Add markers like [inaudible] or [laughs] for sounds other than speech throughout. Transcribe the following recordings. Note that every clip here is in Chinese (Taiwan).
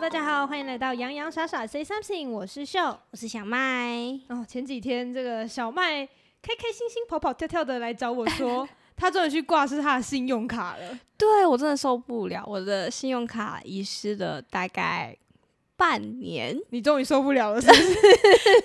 大家好，歡迎來到洋洋傻傻 say something。我是秀，我是小麥。哦，前幾天這個小麥開開心心跑跑跳跳的來找我說，他 [laughs] 終於去掛失他的信用卡了。對，我真的受不了，我的信用卡遺失了大概半年。你終於受不了了，是不是？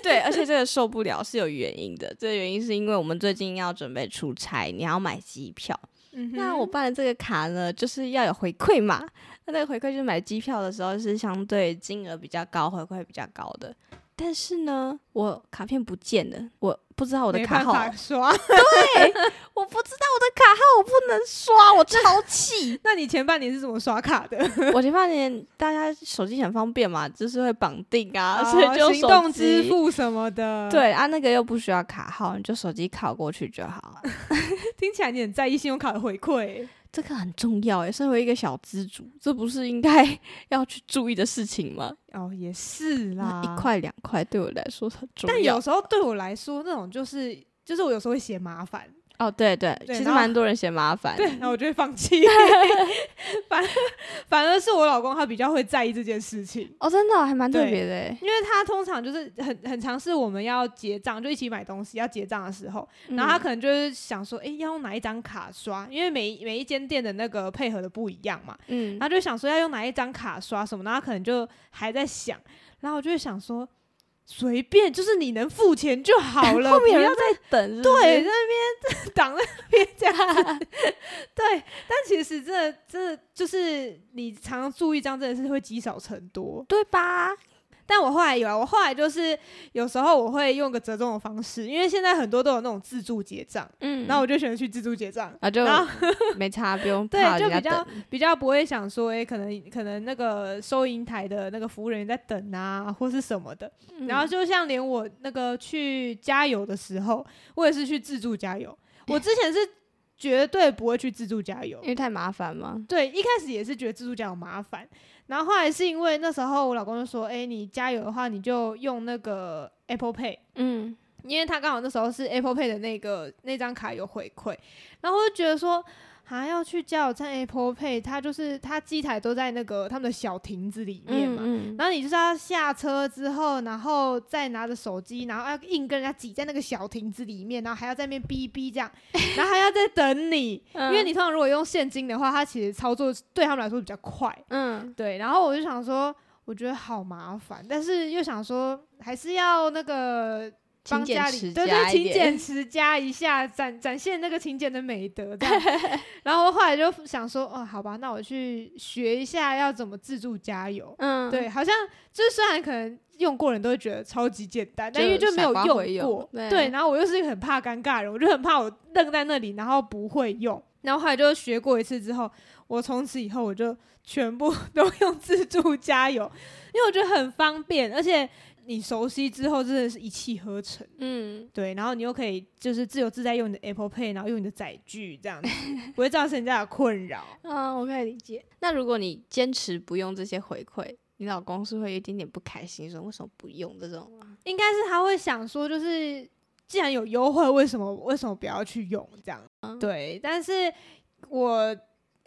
[laughs] 對，而且這個受不了是有原因的。這個原因是因為我們最近要準備出差，你要買機票。嗯、那我辦的這個卡呢，就是要有回饋嘛。他那個回饋就是買機票的時候是相對金額比較高，回饋比較高的。但是呢，我卡片不見了，我不知道我的卡號。刷對， [laughs] 我不知道我的卡號，我不能刷，我超氣。 [laughs] 那你前半年是怎麼刷卡的？ [laughs] 我前半年大家手機很方便嘛，就是會綁定啊、哦，所以就行動支付什麼的。對啊，那個又不需要卡號，你就手機靠過去就好了。 [laughs] 聽起來你很在意信用卡的回饋、欸。這個很重要誒、欸、身為一個小資族，這不是應該要去注意的事情嗎？哦，也是啦，一塊兩塊對我來說很重要，但有時候對我來說，那種就是就是我有時候會嫌麻煩。哦、oh,，對對，其實蠻多人嫌麻煩然，對， [laughs] 然後我就會放棄。 [laughs] 反反而是我老公，他比較會在意這件事情。哦，真的、哦、還蠻特別的，因為他通常就是很很常是我們要結賬，就一起買東西要結賬的時候，然後他可能就是想說，哎、嗯，要用哪一張卡刷？因為每每一間店的那個配合的不一樣嘛，嗯，然後就想說要用哪一張卡刷什麼，然後可能就還在想，然後我就會想說。隨便，就是你能付錢就好了， [laughs] 後面不要再等。 [laughs] 人 [laughs] 對，在那邊擋 [laughs] 在那邊加， [laughs] [laughs] 對。但其實這這，就是你常常注意這樣，真的是會積少成多，對吧？但我後來有啊，我後來就是有時候我會用個折中的方式，因為現在很多都有那種自助結賬，嗯，然後我就選擇去自助結賬，啊就然後，沒差， [laughs] 不用怕人家等。對，就比較比較不會想說，誒、欸，可能可能那個收銀檯的那個服務人員在等啊，或是什麼的、嗯。然後就像連我那個去加油的時候，我也是去自助加油。我之前是絕對不會去自助加油，因為太麻煩嘛。對，一開始也是覺得自助加油麻煩。然後後來是因為那時候我老公就說：“欸，你加油的話，你就用那個 Apple Pay。”嗯，因為他剛好那時候是 Apple Pay 的那個那張卡有回饋，然後我就覺得說。還要去加油站 Apple Pay，他就是他機台都在那個他們的小亭子裡面嘛、嗯嗯，然後你就是要下車之後，然後再拿着手機，然後要硬跟人家擠在那個小亭子裡面，然後還要在那邊嗶嗶這樣， [laughs] 然後還要再等你、嗯，因為你通常如果用現金的話，他其實操作對他們來說比較快，嗯，對，然後我就想說，我覺得好麻煩，但是又想說還是要那個。幫家裡，家，對對，勤儉持家一下，展展現那個勤儉的美德。 [laughs] 然後後來就想說，哦、嗯，好吧，那我去學一下要怎麼自助加油。嗯，對，好像就是雖然可能用過人都會覺得超級簡單，但因為就沒有用過。用對，對，然後我又是一個很怕尷尬的人，我就很怕我愣在那裡，然後不會用。然後後來就學過一次之後，我從此以後我就全部 [laughs] 都用自助加油，因為我覺得很方便，而且。你熟悉之後，真的是一氣呵成。嗯，對，然後你又可以就是自由自在用你的 Apple Pay，然後用你的載具這樣子， [laughs] 不會造成你這樣的困擾。嗯，我可以理解。那如果你堅持不用這些回饋，你老公是會有一點點不開心，說為什麼不用這種？應該是他會想說，就是既然有優惠，為什麼為什麼不要去用這樣、嗯？對，但是我。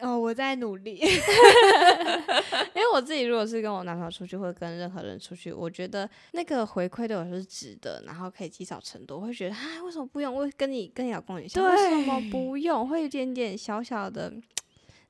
哦，我在努力， [laughs] [laughs] 因為我自己如果是跟我男朋友出去，或跟任何人出去，我覺得那個回饋對我是值得，然後可以積少成多，會覺得，哎、啊，為什麼不用？我跟你更要一下。為什麼不用？會有一點點小小的。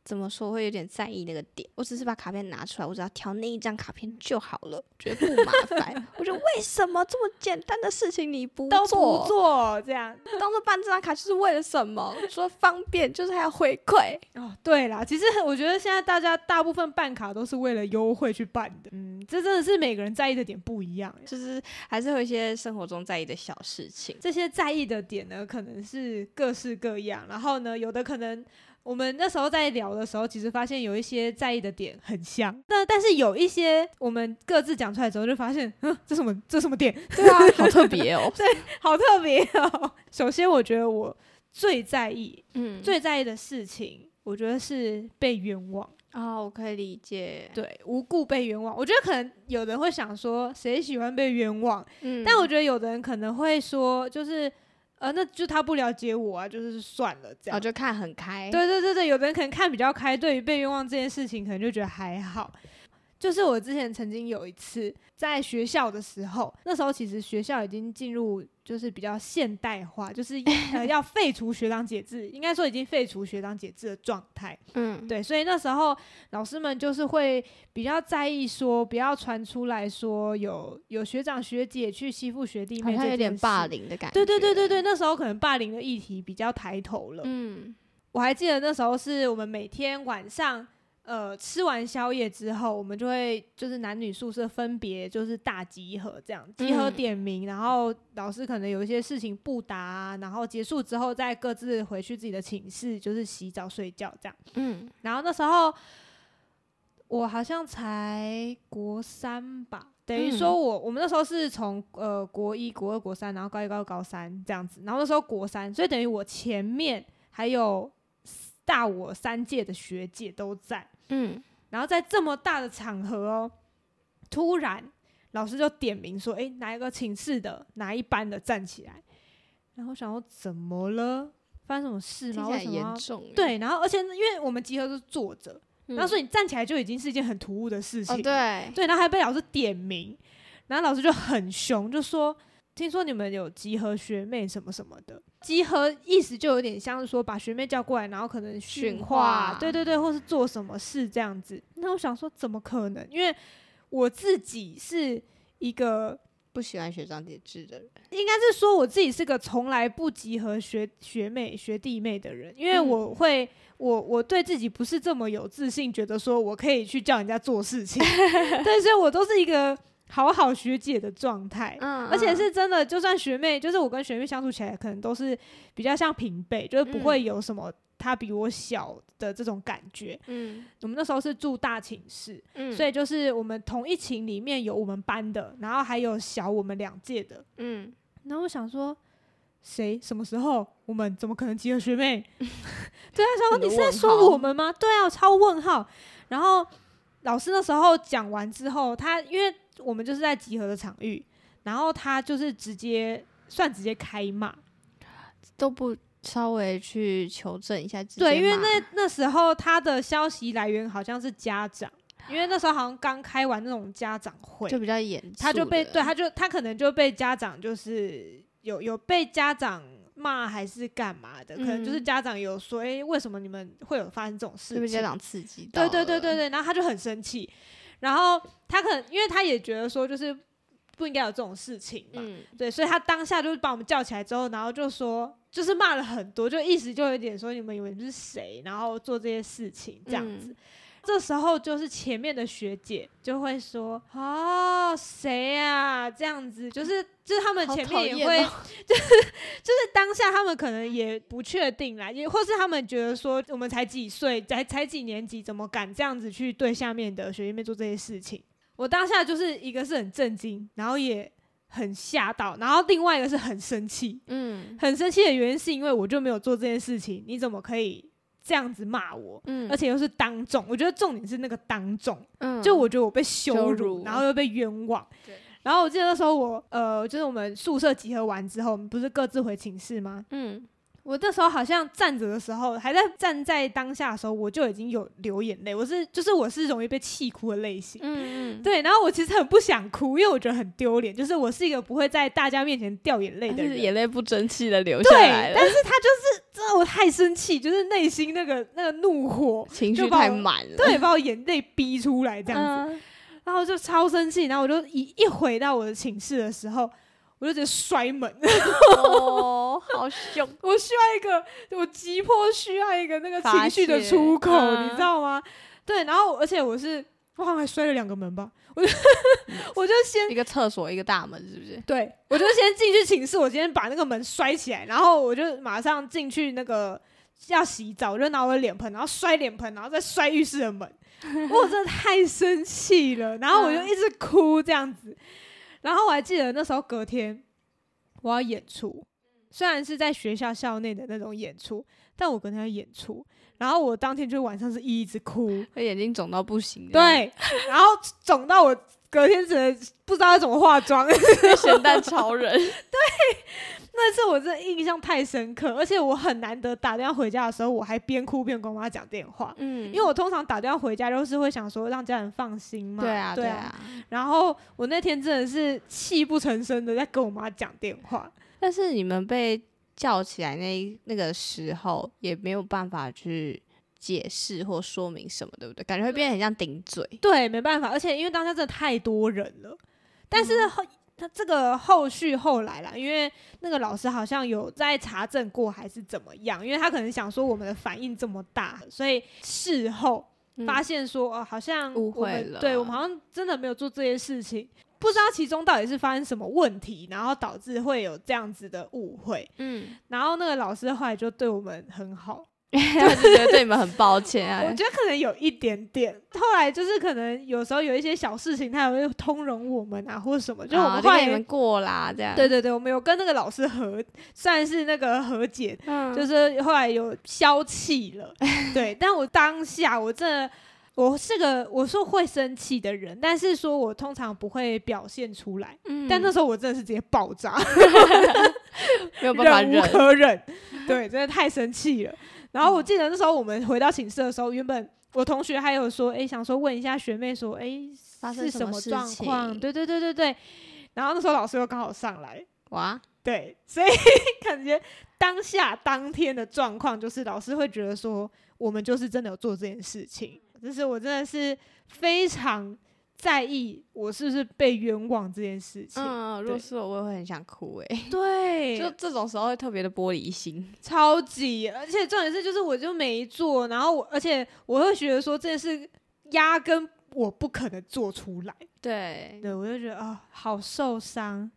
怎麼說，會有點在意那個點。我只是把卡片拿出來，我只要挑那一張卡片就好了，絕不麻煩。 [laughs] 我覺得為什麼這麼簡單的事情你不做？不做這樣，當初辦這張卡就是為了什麼？說方便， [laughs] 就是還要回饋哦。對啦，其實我覺得現在大家大部分辦卡都是為了優惠去辦的。嗯，這真的是每個人在意的點不一樣，就是還是有一些生活中在意的小事情。這些在意的點呢，可能是各式各樣，然後呢，有的可能。我們那時候在聊的時候，其實發現有一些在意的點很像，那但是有一些我們各自講出來之後，就發現，嗯，這什麼這什麼點？對啊， [laughs] 好特別哦，對，好特別哦。首先，我覺得我最在意，嗯、最在意的事情，我覺得是被冤枉啊。哦，我可以理解，對，無故被冤枉。我覺得可能有人會想說，誰喜歡被冤枉？嗯，但我覺得有的人可能會說，就是。呃，那就他不了解我啊，就是算了，這樣、哦、就看很開。對對對對，有的人可能看比較開，對於被冤枉這件事情，可能就覺得還好。就是我之前曾經有一次在學校的時候，那時候其實學校已經進入就是比較現代化，就是要廢除學長姐制， [laughs] 應該說已經廢除學長姐制的狀態。嗯，對，所以那時候老師們就是會比較在意說不要傳出來說有有學長學姐去欺負學弟妹，好像有點霸凌的感覺。對對對對對，那時候可能霸凌的議題比較抬頭了。嗯，我還記得那時候是我們每天晚上。呃，吃完宵夜之後，我們就會就是男女宿舍分別就是大集合這樣，集合點名，嗯、然後老師可能有一些事情不答、啊，然後結束之後再各自回去自己的寢室，就是洗澡睡覺這樣。嗯，然後那時候我好像才國三吧，等於說我、嗯、我們那時候是從呃國一、國二、國三，然後高一、高二、高三這樣子，然後那時候國三，所以等於我前面還有。大我三屆的學姐都在，嗯，然後在這麼大的場合哦，突然老師就點名說：“哎，哪一個寢室的，哪一班的站起來。”然後想說我怎麼了？發生什麼事嗎？很嚴重。對，然後而且因為我們集合是坐着、嗯，然後說你站起來就已經是一件很突兀的事情，哦、對對，然後還被老師點名，然後老師就很凶，就說。聽說你們有集合學妹什麼什麼的集合，意思就有點像是說把學妹叫過來，然後可能訓話，對對對，或是做什麼事這樣子。那我想說，怎麼可能？因為我自己是一個不喜歡學長姐制的人，應該是說我自己是個從來不集合學學妹、學弟妹的人，因為我會，我我對自己不是這麼有自信，覺得說我可以去叫人家做事情， [laughs] 對，所以，我都是一個。好好學姐的狀態，uh, uh. 而且是真的，就算學妹，就是我跟學妹相處起來，可能都是比較像平輩，就是不會有什麼她比我小的這種感覺，嗯。我們那時候是住大寢室，嗯，所以就是我們同一寢裡面有我們班的，然後還有小我們兩屆的，嗯。然後我想說，誰什麼時候我們怎麼可能集合學妹？ [laughs] 對啊，小、那、哥、個，你是在說我們嗎？對啊，超問號。然後。老師那時候講完之後，他因為我們就是在集合的場域，然後他就是直接算直接開罵，都不稍微去求證一下。對，因為那那時候他的消息來源好像是家長，因為那時候好像剛開完那種家長會，就比較嚴，他就被對他就他可能就被家長就是有有被家長。罵還是幹嘛的？可能就是家長有說，誒、欸，為什麼你們會有發生這種事情？這家長刺激到，對對對對對，然後他就很生氣，然後他可能因為他也覺得說，就是不應該有這種事情嘛，嗯、對，所以他當下就是把我們叫起來之後，然後就說，就是罵了很多，就意思就有點說你們以為是誰，然後做這些事情這樣子。嗯這時候就是前面的學姐就會說：“哦，誰呀？這樣子就是就是他們前面也會，就是就是當下他們可能也不確定啦，也或是他們覺得說我們才幾歲，才才幾年級，怎麼敢這樣子去對下面的學弟妹做這些事情？我當下就是一個是很震驚，然後也很嚇到，然後另外一個是很生氣，嗯，很生氣的原因是因為我就沒有做這件事情，你怎麼可以？”這樣子罵我，嗯，而且又是當眾，我覺得重點是那個當眾，嗯，就我覺得我被羞辱，羞辱，然後又被冤枉。然後我記得那時候我，呃，就是我們宿舍集合完之後，我們不是各自回寢室嗎？嗯。我那時候好像站着的時候，還在站在當下的時候，我就已經有流眼淚。我是就是我是容易被氣哭的類型，嗯，對。然後我其實很不想哭，因為我覺得很丟臉，就是我是一個不會在大家面前掉眼淚的人，是眼淚不爭氣的流下來了。但是他就是知道我太生氣，就是內心那個那個怒火情緒太滿了，對，把我眼淚逼出來這樣子。嗯、然後就超生氣，然後我就一一回到我的寢室的時候。我就直接摔門、oh,， [laughs] 好凶！我需要一個，我急迫需要一個那個情緒的出口，你知道嗎？啊、對，然後而且我是，我好像還摔了兩個門吧？我就 [laughs] [laughs] 我就先一個廁所，一個大門，是不是？對，我就先進去寢室，我先把那個門摔起來，然後我就馬上進去那個要洗澡，我就拿我的臉盆，然後摔臉盆，然後再摔浴室的門。 [laughs] 我真的太生氣了，然後我就一直哭，這樣子。嗯然後我還記得那時候隔天我要演出，雖然是在學校校內的那種演出，但我跟他演出。然後我當天就晚上是一直哭，眼睛腫到不行是不是？對，然後腫到我。隔天真的不知道要怎麼化妝，鹹蛋超人。 [laughs] 對，那次我真的印象太深刻，而且我很難得打電話回家的時候，我還邊哭邊跟我媽講電話。嗯，因為我通常打電話回家都是會想說讓家人放心嘛。對啊，對啊，對啊。然後我那天真的是泣不成聲的在跟我媽講電話。但是你們被叫起來那那個時候也沒有辦法去。解釋或說明什麼，對不對？感覺會變得很像頂嘴。對，沒辦法。而且因為當下真的太多人了，但是後他，嗯、這個後續後來啦，因為那個老師好像有在查證過還是怎麼樣，因為他可能想說我們的反應這麼大，所以事後發現說哦、嗯呃，好像誤會了。對我們好像真的沒有做這些事情，不知道其中到底是發生什麼問題，然後導致會有這樣子的誤會。嗯，然後那個老師後來就對我們很好。 [laughs] 就覺得對你們很抱歉啊！ [laughs] 我覺得可能有一點點。後來就是可能有時候有一些小事情，他也會通融我們啊，或者什麼、啊，就我們快點、啊、過啦，這樣。對對對，我們有跟那個老師和算是那個和解，嗯、就是後來有消氣了。對， [laughs] 但我當下我真的，我是個我說會生氣的人，但是說我通常不會表現出來。嗯、但那時候我真的是直接爆炸， [laughs] [laughs] 沒有辦法忍無可忍。對，真的太生氣了。然後我記得那時候我們回到寢室的時候，原本我同學還有說，哎，想說問一下學妹，說，哎，是什麼狀況？對對對對對。然後那時候老師又剛好上來，哇，對，所以呵呵感覺當下當天的狀況就是老師會覺得說，我們就是真的有做這件事情，就是我真的是非常。在意我是不是被冤枉這件事情，嗯，如果是我，我也會很想哭哎、欸，對，就這種時候會特別的玻璃心，超級，而且重點是就是我就沒做，然後我，而且我會覺得說這件事壓根我不可能做出來，對，對我就覺得啊、哦，好受傷，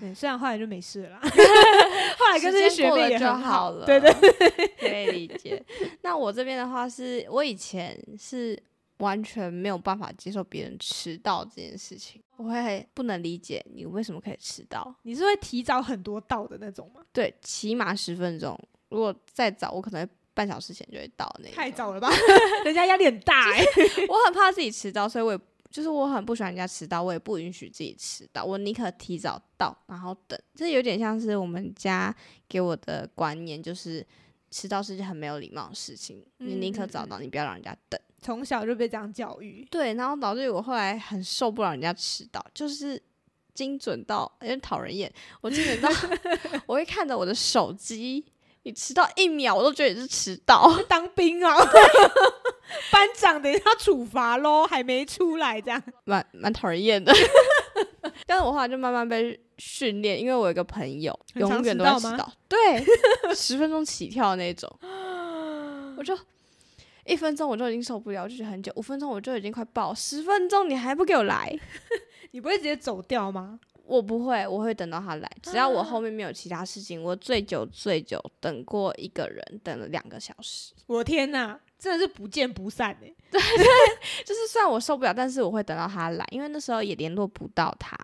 對，雖然後來就沒事了， [laughs] 後來跟這些學歷也好就好了，對對、對，可以理解。 [laughs] 那我這邊的話是我以前是。完全沒有辦法接受別人遲到這件事情，我會不能理解你為什麼可以遲到？你是會提早很多到的那種嗎？對，起碼十分鐘。如果再早，我可能半小時前就會到那。那太早了吧？ [laughs] 人家壓力很大欸，就是，我很怕自己遲到，所以我也就是我很不喜歡人家遲到，我也不允許自己遲到。我寧可提早到，然後等。這有點像是我們家給我的觀念，就是遲到是一件很沒有禮貌的事情。你寧可早到，你不要讓人家等。從小就被這樣教育，對，然後導致我後來很受不了人家遲到，就是精準到有點討人厭。我精準到， [laughs] 我會看着我的手機，你遲到一秒，我都覺得你是遲到，當兵啊， [laughs] [laughs] 班長，等一下處罰咯還沒出來，這樣，蠻蠻討人厭的。 [laughs] 但是，我後來就慢慢被訓練，因為我有個朋友遲永遠都在遲到，對， [laughs] 十分鐘起跳那種， [laughs] 我就。一分鐘我就已經受不了，就是很久。五分鐘我就已經快爆，十分鐘你還不給我來， [laughs] 你不會直接走掉嗎？我不會，我會等到他來。只要我後面沒有其他事情，啊、我最久最久等過一個人，等了兩個小時。我天哪，真的是不見不散，欸。對對， [laughs] 就是算我受不了，但是我會等到他來，因為那時候也聯絡不到他。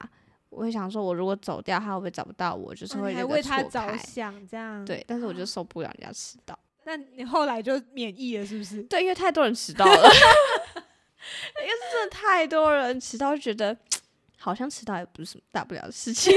我會想說，我如果走掉，他會不會找不到我？就是會、啊、為他着想這樣。對，但是我就受不了人家遲到。啊那你後來就免疫了，是不是？對，因為太多人遲到了， [laughs] 因為真的太多人遲到，就覺得好像遲到也不是什麼大不了的事情，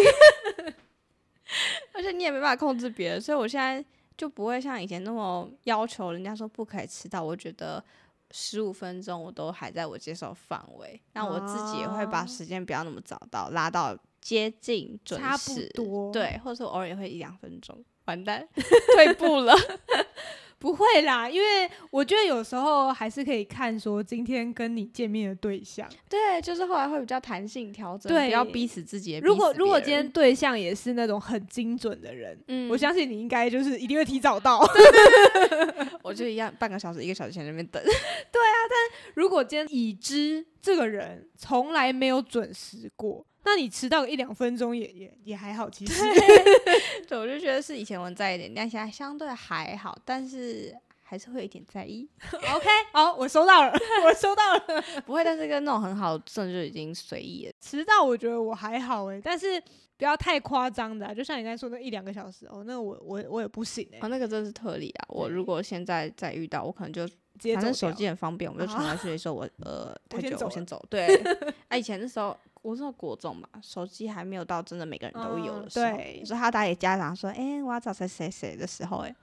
[laughs] 而且你也沒辦法控制別人，所以我現在就不會像以前那麼要求人家說不可以遲到。我覺得十五分鐘我都還在我接受範圍，那我自己也會把時間不要那麼早到，拉到接近準時，差不多對，或者是我偶爾也會一兩分鐘。完蛋， [laughs] 退步了， [laughs] 不會啦，因為我覺得有時候還是可以看說今天跟你見面的對象，對，就是後來會比較彈性調整，對，不要逼死自己死。如果如果今天對象也是那種很精準的人，嗯，我相信你應該就是一定會提早到。 [laughs] [laughs] [laughs] 我就一樣，半個小時、一個小時前在那邊等。 [laughs] 對啊，但如果今天已知這個人從來沒有準時過。那你遲到個一兩分鐘也也也還好，其實對， [laughs] 對，我就覺得是以前我在意一點，但現在相對還好，但是還是會有一點在意。 [laughs] OK，好、哦，我收到了，我收到了，不會，但是跟那種很好，甚至已經隨意了。遲 [laughs] 到，我覺得我還好哎、欸，但是不要太誇張的、啊，就像你剛才說的一兩個小時哦，那個、我我我也不行哎、欸啊。那個真是特例啊！我如果現在再遇到，我可能就直接，反正手機很方便，我就傳過去說我，我呃太久，我先走，我先走。對， [laughs] 啊，以前的時候。我說國中嘛，手機還沒有到真的每個人都有的時候，你、嗯、說他打給家長說，哎、欸，我要找誰誰誰的時候、欸，哎，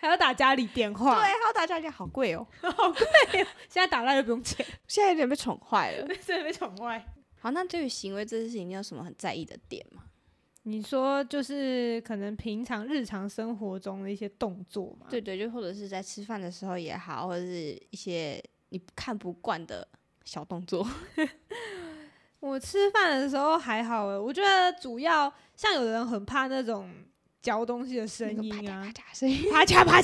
還要打家裡電話，對，還要打家裡電話，好貴哦、喔， [laughs] 好貴哦、喔。現在打那也不用錢，現在有點被寵壞了，真 [laughs] 的被寵壞。好，那對於行為這件事情，你有什麼很在意的點嗎？你說就是可能平常日常生活中的一些動作嘛，對，對對，就或者是在吃飯的時候也好，或者是一些你看不慣的小動作。 [laughs] 我吃飯的時候還好耶，我覺得主要像有人很怕那種嚼東西的聲音啊，啪嚓啪嚓聲音，啪 [laughs] 啪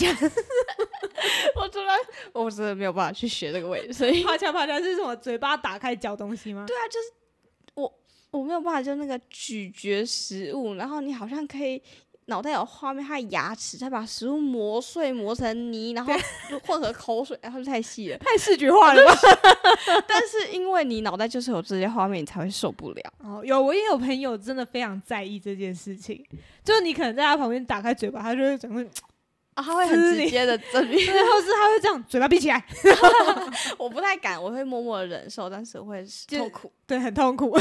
[laughs] 我從來，我真的沒有辦法去學這個味，所以啪嚓啪嚓是什麼？嘴巴打開嚼東西嗎？對啊，就是我我沒有辦法就那個咀嚼食物，然後你好像可以。腦袋有畫面，他的牙齒在把食物磨碎、磨成泥，然後混合口水，然後就太細了，太視覺化了吧？ [laughs] [laughs] 但是因為你腦袋就是有這些畫面，你才會受不了、哦、有我也有朋友真的非常在意這件事情，就是你可能在他旁邊打開嘴巴，他就會整個啊，他會很直接的證明， [laughs] 或是他會這樣嘴巴閉起來。 [laughs] [laughs] 我不太敢，我會默默的忍受，但是會痛苦，對，很痛苦。 [laughs] [laughs]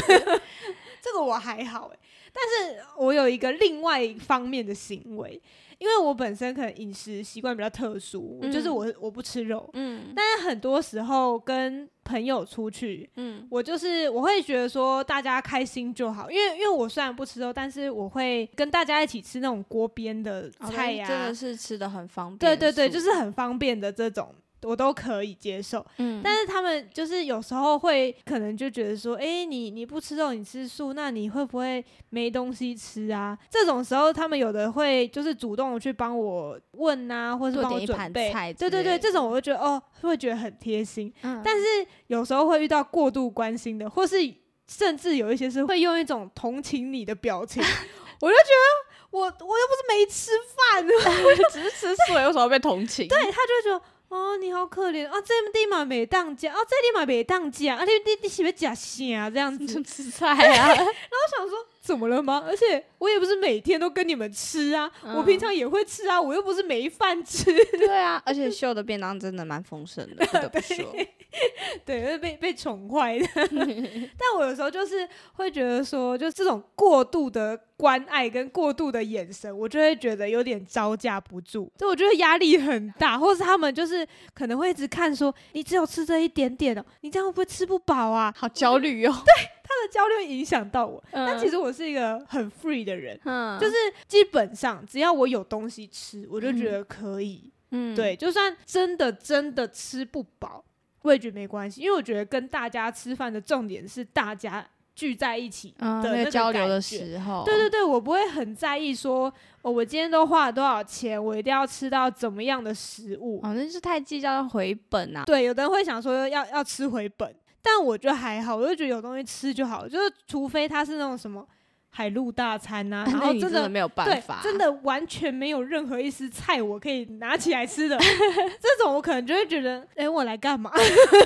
這個我還好哎、欸。但是我有一個另外一方面的行為，因為我本身可能飲食習慣比較特殊，嗯、就是我我不吃肉。嗯，但是很多時候跟朋友出去，嗯，我就是我會覺得說大家開心就好，因為因為我雖然不吃肉，但是我會跟大家一起吃那種鍋邊的菜呀、啊，Okay, 真的是吃得很方便。對對對，就是很方便的這種。我都可以接受，嗯，但是他們就是有時候會可能就覺得說，誒、欸，你你不吃肉，你吃素，那你會不會沒東西吃啊？這種時候，他們有的會就是主動的去幫我問啊，或是幫我準備對對對，對對對，這種我就覺得、嗯、哦，會覺得很貼心。嗯，但是有時候會遇到過度關心的，或是甚至有一些是會用一種同情你的表情， [laughs] [laughs] 我就覺得我我又不是沒吃飯， [laughs] [laughs] 我就只是吃素，有時候被同情？對他就會說。哦，你好可憐哦，啊，這你嘛沒當家，哦，啊，這你嘛沒當家，啊，你你你想要吃啥這樣子？吃菜啊！ [laughs] [laughs] 然後我想說。怎麼了嗎？而且我也不是每天都跟你們吃啊、嗯，我平常也會吃啊，我又不是沒飯吃。對啊，而且秀的便當真的蠻豐盛的，不得不 [laughs] 對，對，說對，被被寵壞的。 [laughs] 但我有時候就是會覺得說，就這種過度的關愛跟過度的眼神，我就會覺得有點招架不住，所以我覺得壓力很大。或是他們就是可能會一直看說，你只有吃這一點點哦，你這樣會不會吃不飽啊？好焦慮哦。 [laughs] 對。交流影響到我、嗯，但其實我是一個很 free 的人、嗯，就是基本上只要我有東西吃，我就覺得可以。嗯，嗯對，就算真的真的吃不飽，我也覺得沒關係，因為我覺得跟大家吃飯的重點是大家聚在一起的、嗯那個、交流的時候、那個。對對對，我不會很在意說、哦，我今天都花了多少錢，我一定要吃到怎麼樣的食物，好、哦、像是太計較回本啊。對，有的人會想說要要吃回本。但我覺得還好，我就覺得有東西吃就好。就是除非他是那種什麼海陸大餐呐、啊，然後真的,、哎、你真的沒有辦法、啊，真的完全沒有任何一絲菜我可以拿起來吃的， [laughs] 這種我可能就會覺得，哎、欸，我來幹嘛？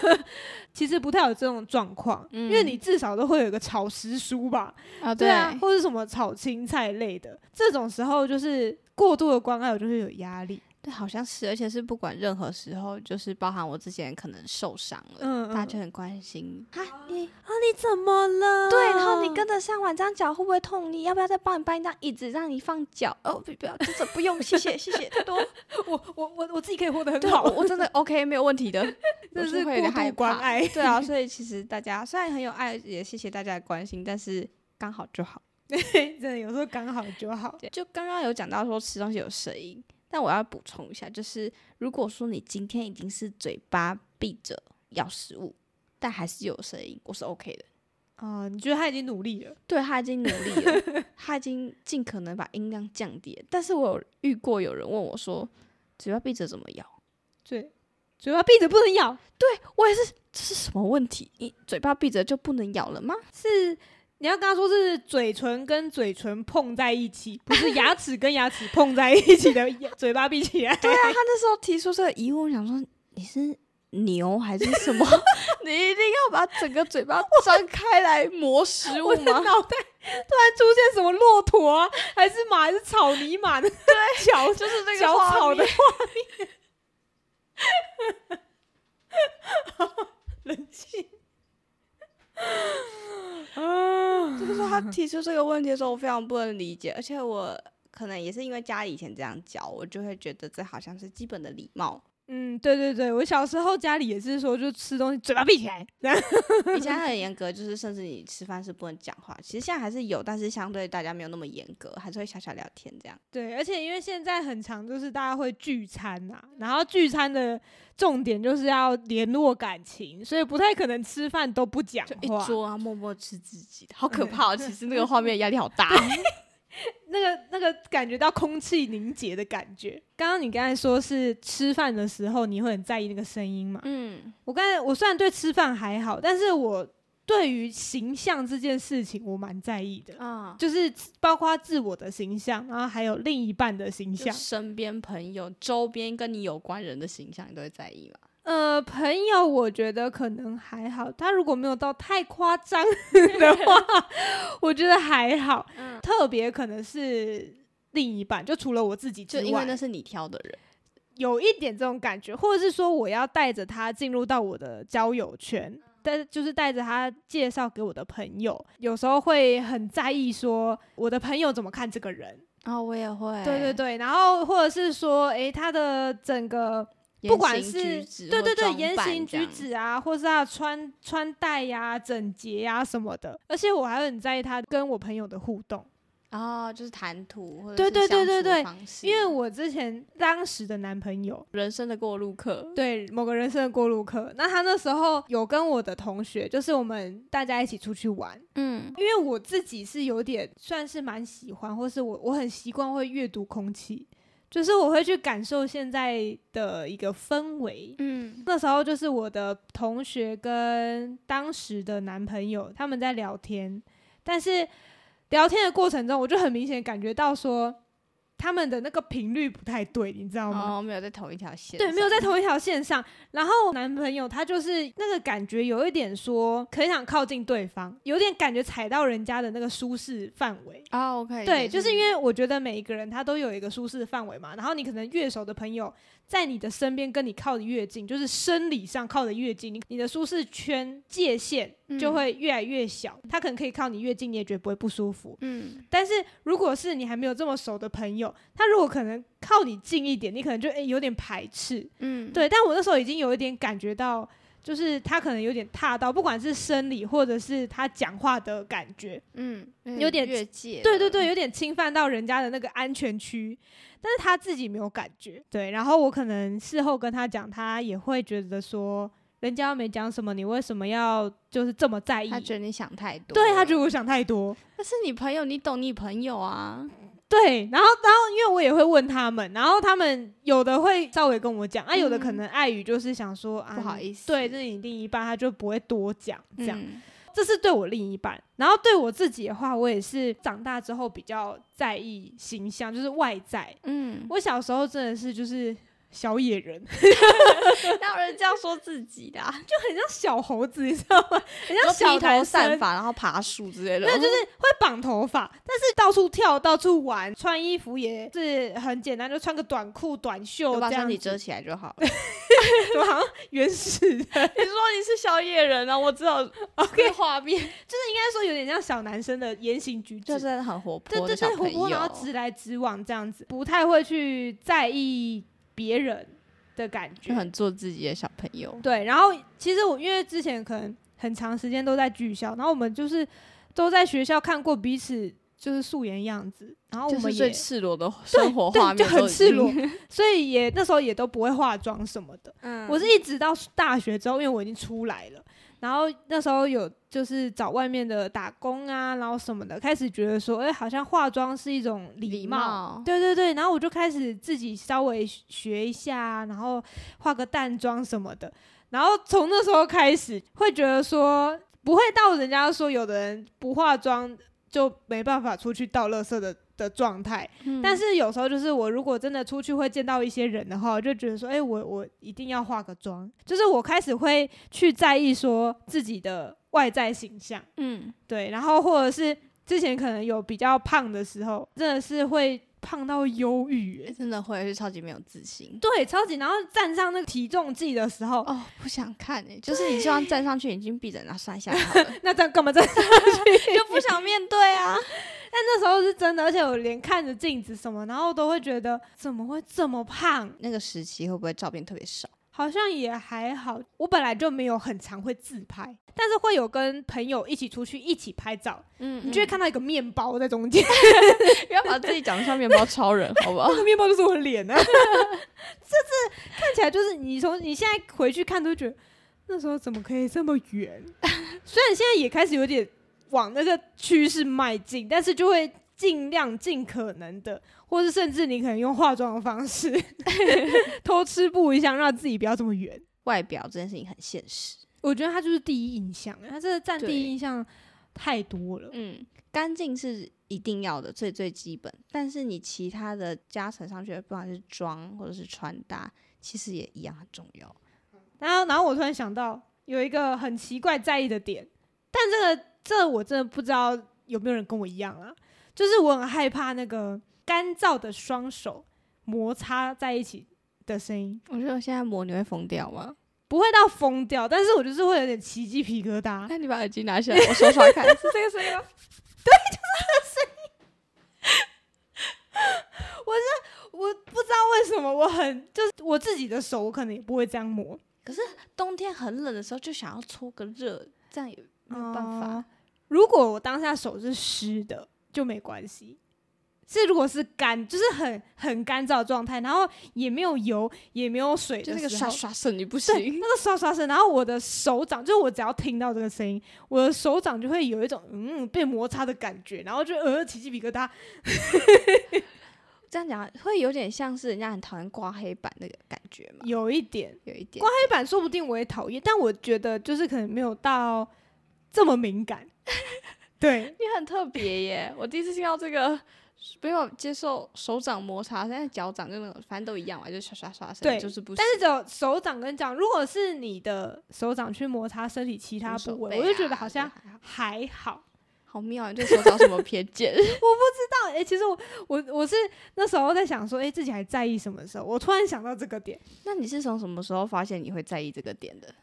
[laughs] 其實不太有這種狀況，嗯、因為你至少都會有一個炒時蔬吧，啊對,對啊，或是什麼炒青菜類的，這種時候就是過度的關愛，我就會有壓力。好像是，而且是不管任何時候，就是包含我之前可能受傷了嗯嗯，大家就很關心啊你啊你怎麼了？對了，然後你跟着上完，這樣腳會不會痛？你要不要再幫你搬一張椅子讓你放腳？哦，不要不要，這不，不， [laughs] 不用，謝謝謝謝，太多，我我我我自己可以活得很好，對，我真的 OK 沒有問題的，就 [laughs] 是過度關愛。對啊，所以其實大家雖然很有愛，也謝謝大家的關心，但是剛好就好，真的有時候剛好就好。就剛剛有講到說吃東西有聲音。那我要補充一下，就是如果說你今天已經是嘴巴閉着咬食物，但還是有聲音，我是 OK 的。哦、呃，你覺得他已經努力了？對，他已經努力了， [laughs] 他已經盡可能把音量降低了。但是我有遇過有人問我說：“嘴巴閉着怎麼咬？”對，嘴巴閉着不能咬？對，我也是，這是什麼問題？你嘴巴閉着就不能咬了嗎？是。你要跟他說是嘴唇跟嘴唇碰在一起，不是牙齒跟牙齒碰在一起的。 [laughs] 嘴巴閉起來。對啊，他那時候提出這個疑問，我想說你是牛還是什麼？ [laughs] 你一定要把整個嘴巴張開來磨食物嗎？我的腦袋突然出現什麼駱駝啊，還是馬，還是草泥馬的？ [laughs] 對，腳就是那個小草的畫面。冷 [laughs] 靜。 [laughs] 啊，就是說他提出這個問題的時候，我非常不能理解，而且我可能也是因為家裡以前這樣教，我就會覺得這好像是基本的禮貌。嗯，對對對，我小時候家裡也是說，就吃東西嘴巴閉起來這樣，以前很嚴格，就是甚至你吃飯是不能講話。其實現在還是有，但是相對大家沒有那麼嚴格，還是會小小聊天這樣。對，而且因為現在很常就是大家會聚餐啊，然後聚餐的重點就是要聯絡感情，所以不太可能吃飯都不講話。一桌啊，默默吃自己的，好可怕哦！其實那個畫面壓力好大哦。 [laughs] 那個那個感覺到空氣凝結的感覺，剛剛你剛才說是吃飯的時候你會很在意那個聲音嘛？嗯，我剛才我雖然對吃飯還好，但是我對於形象這件事情我蠻在意的啊，就是包括自我的形象，然後還有另一半的形象，身邊朋友、周邊跟你有關人的形象，你都會在意嗎？呃，朋友，我覺得可能還好。他如果沒有到太誇張的話， [laughs] 我覺得還好。嗯、特別可能是另一半，就除了我自己之外，就因為那是你挑的人，有一點這種感覺，或者是說我要帶着他進入到我的交友圈，嗯、但就是帶着他介紹給我的朋友，有時候會很在意說我的朋友怎麼看這個人，然後、哦、我也會，對對對。然後或者是說，誒、欸，他的整個。不管是對對對言行舉止啊，或是他、啊、穿穿戴呀、啊、整潔呀什麼的，而且我還很在意他跟我朋友的互動啊、哦，就是談吐或者是對，對對對對對，因為我之前當時的男朋友人生的過路客，對某個人生的過路客，那他那時候有跟我的同學，就是我們大家一起出去玩，嗯，因為我自己是有點算是蠻喜歡，或是我我很習慣會閱讀空氣。就是我會去感受現在的一個氛圍，嗯，那時候就是我的同學跟當時的男朋友他們在聊天，但是聊天的過程中，我就很明顯感覺到說，他們的那個頻率不太對，你知道嗎？哦，沒有在同一條線。對，沒有在同一條線上。然後男朋友他就是那個感覺有一點說，很想靠近對方，有點感覺踩到人家的那個舒適範圍。哦，OK，對是、是，就是因為我覺得每一個人他都有一個舒適範圍嘛。然後你可能越熟的朋友，在你的身邊，跟你靠的越近，就是生理上靠的越近，你你的舒適圈界限就會越來越小。他、嗯、可能可以靠你越近，你也覺得不會不舒服。嗯，但是如果是你還沒有這麼熟的朋友，他如果可能靠你近一點，你可能就誒、欸、有點排斥。嗯，對。但我那時候已經有一點感覺到。就是他可能有點踏到，不管是生理或者是他講話的感覺，嗯，有點越界，對對對，有點侵犯到人家的那個安全區，但是他自己沒有感覺，對。然後我可能事後跟他講，他也會覺得說，人家要沒講什麼，你為什麼要就是這麼在意？他覺得你想太多啊，對，他覺得我想太多。 [laughs] 但是你朋友，你懂你朋友啊。對，然後，然後，因為我也會問他們，然後他們有的會稍微跟我講，啊，有的可能礙於就是想說、嗯啊，不好意思，對，這、就是你另一半，他就不會多講這樣、嗯，這是對我另一半，然後對我自己的話，我也是長大之後比較在意形象，就是外在，嗯，我小時候真的是就是。小野人，哪有 [laughs] 人這樣說自己的， [laughs] 就很像小猴子，你知道嗎？很像披頭散髮，然後爬樹之類的。那 [laughs] 就是會綁頭髮，但是到處跳，到處玩，穿衣服也是很簡單，就穿個短褲、短袖，把身體遮起來就好了。 [laughs] [laughs] 好原始人， [laughs] 你說你是小野人啊？我知道這個。OK，畫面就是應該說有點像小男生的言行舉止，就是、很活潑，對對對，活潑，然後直來直往這樣子，不太會去在意。別人的感覺，就很做自己的小朋友。對，然後，其實我因為之前可能很長時間都在劇校，然後我們就是都在學校看過彼此就是素顏樣子，然後我們也是最赤裸的生活畫面，對，就很赤裸， [laughs] 所以也那時候也都不會化妝什麼的。嗯，我是一直到大學之後，因為我已經出來了。然後那時候有就是找外面的打工啊，然後什麼的，開始覺得說，哎、欸，好像化妝是一種禮貌禮。對對對，然後我就開始自己稍微學一下，啊，然後化個淡妝什麼的。然後從那時候開始，會覺得說，不會到人家說有的人不化妝就沒辦法出去倒垃圾的，的狀態、嗯，但是有時候就是我如果真的出去會見到一些人的話，我就覺得說，誒、欸，我我一定要化個妝，就是我開始會去在意說自己的外在形象，嗯，對，然後或者是之前可能有比較胖的時候，真的是會胖到憂鬱、欸欸，真的會超級沒有自信，對，超級，然後站上那個體重計的時候，哦，不想看、欸，就是你希望站上去眼睛閉着，然後算一下，那這樣幹嘛在？就不想面對啊。但那時候是真的，而且我連看着鏡子什麼，然後都會覺得怎麼會這麼胖？那個時期會不會照片特別少？好像也還好，我本來就沒有很常會自拍，但是會有跟朋友一起出去一起拍照，嗯，嗯，你就會看到一個麵包在中間，然、嗯嗯、 [laughs] 不要把自己講得像麵包超人 [laughs] 好不好？那個麵包就是我臉啊，這 [laughs] 次 [laughs] 看起來就是你從你現在回去看都覺得那時候怎麼可以這麼圓？ [laughs] 雖然現在也開始有點。往那個趨勢邁進，但是就會盡量盡可能的，或是甚至你可能用化妝的方式 [laughs] 偷吃步一下，讓自己不要這麼圓。外表這件事情很現實，我覺得他就是第一印象，啊，他這個占第一印象太多了。嗯，乾淨是一定要的，最最基本，但是你其他的加成上去，不管是妝或者是穿搭，其實也一樣很重要。嗯、然後，然後我突然想到有一個很奇怪在意的點，但這個。這我真的不知道有沒有人跟我一樣啊，就是我很害怕那個乾燥的雙手摩擦在一起的聲音。我覺得現在磨你會瘋掉嗎？不會到瘋掉，但是我就是會有點雞皮疙瘩。那你把耳機拿下來，我說出來看 [laughs] 是這個聲音嗎？ [laughs] 對，就是他的聲音。 [laughs] 我是我不知道為什麼，我很就是我自己的手，我可能也不會這樣磨。可是冬天很冷的時候，就想要搓個熱，這樣也沒有辦法。啊如果我當下手是濕的就沒關係，是如果是乾，就是很很乾燥的狀態，然後也沒有油也沒有水，就是那個刷刷聲，你不行，那個刷刷聲，然後我的手掌，就是我只要聽到這個聲音，我的手掌就會有一種嗯被摩擦的感覺，然後就呃起雞皮疙瘩。 [laughs] 這樣講會有點像是人家很討厭刮黑板那個感覺嘛，有一點有一點點。刮黑板說不定我也討厭，但我覺得就是可能沒有到這麼敏感。對你很特別耶！ [laughs] 我第一次聽到這個，不用接受手掌摩擦，但是腳掌就那種，反正都一樣嘛，就刷刷刷。對，就是不。但是只有手掌跟腳，如果是你的手掌去摩擦身體其他部位，啊，我就覺得好像還好，好妙。你對手掌有什麼偏見？ [laughs] 我不知道。哎、欸，其實我我我是那時候在想說，哎、欸，自己還在意什麼的時候，我突然想到這個點。那你是從什麼時候發現你會在意這個點的？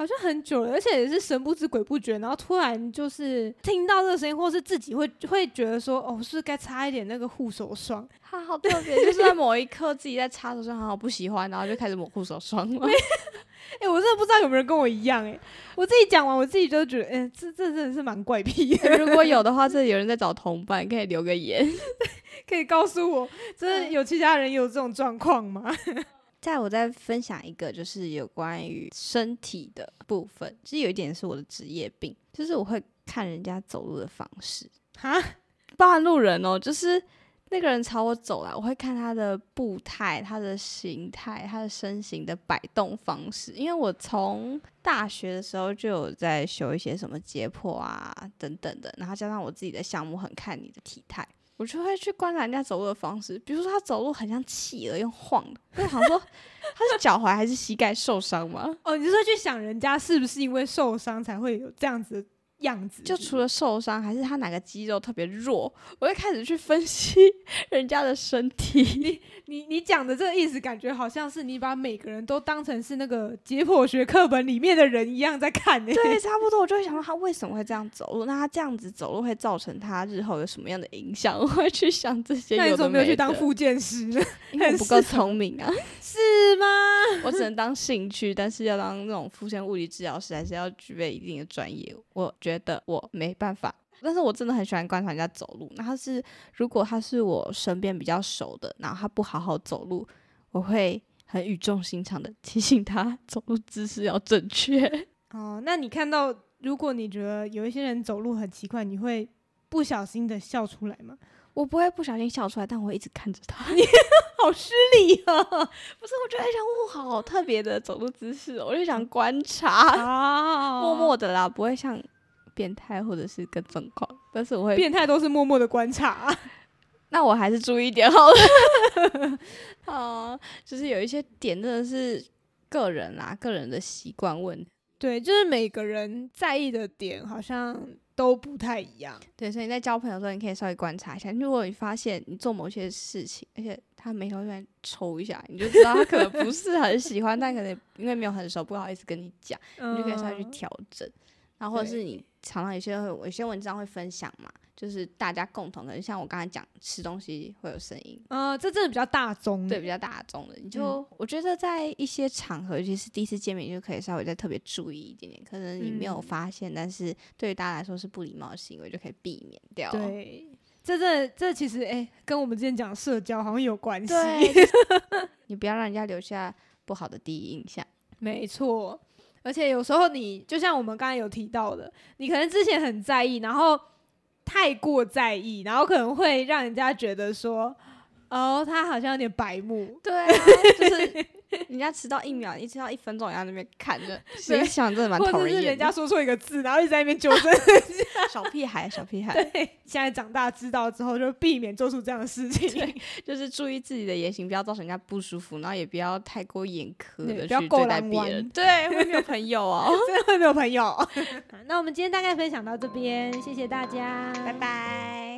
好像很久了，而且也是神不知鬼不覺，然後突然就是聽到這個聲音，或是自己會會覺得說，哦，是不是該擦一點那個護手霜？哈，好特別，就是在某一刻自己在擦手霜，好好不喜歡， [laughs] 然後就開始抹護手霜了。哎、欸，我真的不知道有沒有人跟我一樣、欸，哎，我自己講完我自己就覺得，哎、欸，這這真的是蠻怪癖、欸。如果有的話，這裡有人在找同伴，可以留個言， [laughs] 可以告訴我，真的有其他人有這種狀況嗎？哎 [laughs] 再來，我再分享一個，就是有關於身體的部分。其實有一點是我的職業病，就是我會看人家走路的方式哈，包含路人哦，就是那個人朝我走來，我會看他的步態、他的形態、他的身形的擺動方式。因為我從大學的時候就有在修一些什麼解剖啊等等的，然後加上我自己的項目，很看你的體態。我就會去觀察人家走路的方式，比如說他走路很像企鵝，又晃的，我就想說他是腳踝還是膝蓋受傷嗎？ [laughs] 哦，你就會去想人家是不是因為受傷才會有這樣子？樣子是是就除了受傷，還是他哪個肌肉特別弱？我會開始去分析人家的身體。你你你講的這個意思，感覺好像是你把每個人都當成是那個解剖學課本裡面的人一樣在看你、欸。對，差不多。我就會想到他為什麼會這樣走路？那他這樣子走路會造成他日後有什麼樣的影響？我 [laughs] 會去想這些有的沒的。那你怎麼沒有去當復健師呢？因為不夠聰明啊？是嗎, [laughs] 是嗎？我只能當興趣，但是要當那種復健物理治療師，還是要具備一定的專業。我。覺得我沒辦法，但是我真的很喜歡觀察人家走路。那他是，如果他是我身邊比較熟的，然後他不好好走路，我會很語重心長的提醒他走路姿勢要正確。哦，那你看到，如果你覺得有一些人走路很奇怪，你會不小心的笑出來嗎？我不會不小心笑出來，但我會一直看着他。你呵呵好失禮啊！不是，我就很想，我好，好特別的走路姿勢，我就想觀察，哦、默默的啦，不會像。變態或者是個狀況，但是我會變態都是默默的觀察， [laughs] 那我還是注意一點好了。 [laughs] 好、啊，就是有一些點真的是個人啦、啊，個人的習慣問。對，就是每個人在意的點好像都不太一樣。對，所以你在交朋友的時候，你可以稍微觀察一下。如果你發現你做某些事情，而且他眉頭突然抽一下，你就知道他可能不是很喜歡， [laughs] 但可能因為沒有很熟，不好意思跟你講，你就可以稍微去調整、嗯。然後或者是你。常常，有些會，有些文章會分享嘛，就是大家共同的，像我剛才講吃東西會有聲音，呃，這真的比較大眾，對比較大眾的，你就、嗯、我覺得在一些場合，尤其是第一次見面，你就可以稍微再特別注意一點點，可能你沒有發現，嗯、但是對於大家來說是不禮貌的行為，就可以避免掉。對，這這這其實哎、欸，跟我們之前講社交好像有關係，對就是、 [laughs] 你不要讓人家留下不好的第一印象，沒錯。而且有時候你就像我們剛才有提到的，你可能之前很在意，然後太過在意，然後可能會讓人家覺得說，哦，他好像有點白目，對啊， [laughs] 就是。 [laughs] 人家遲到一秒，一遲到一分鐘，然後那邊看着，所以想真的蠻討厭。 [laughs] 或者是人家說錯一個字，然後一直在那邊糾正。 [laughs] 小屁孩，小屁孩。對，現在長大知道之後，就避免做出這樣的事情，就是注意自己的言行，不要造成人家不舒服，然後也不要太過嚴苛的去對待別人。對，會沒有朋友哦， [laughs] 真的會沒有朋友哦。 [laughs] 那我們今天大概分享到這邊，謝謝大家，拜拜。